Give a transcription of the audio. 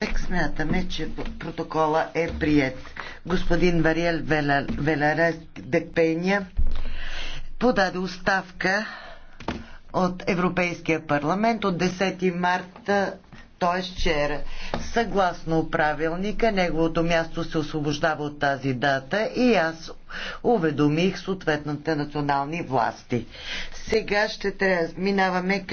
Так смятаме, че протокола е прият. Господин Вариел Веларес Депеня подаде оставка от Европейския парламент от 10 марта, т.е. вчера. Съгласно правилника, неговото място се освобождава от тази дата и аз уведомих съответната национални власти. Сега ще минаваме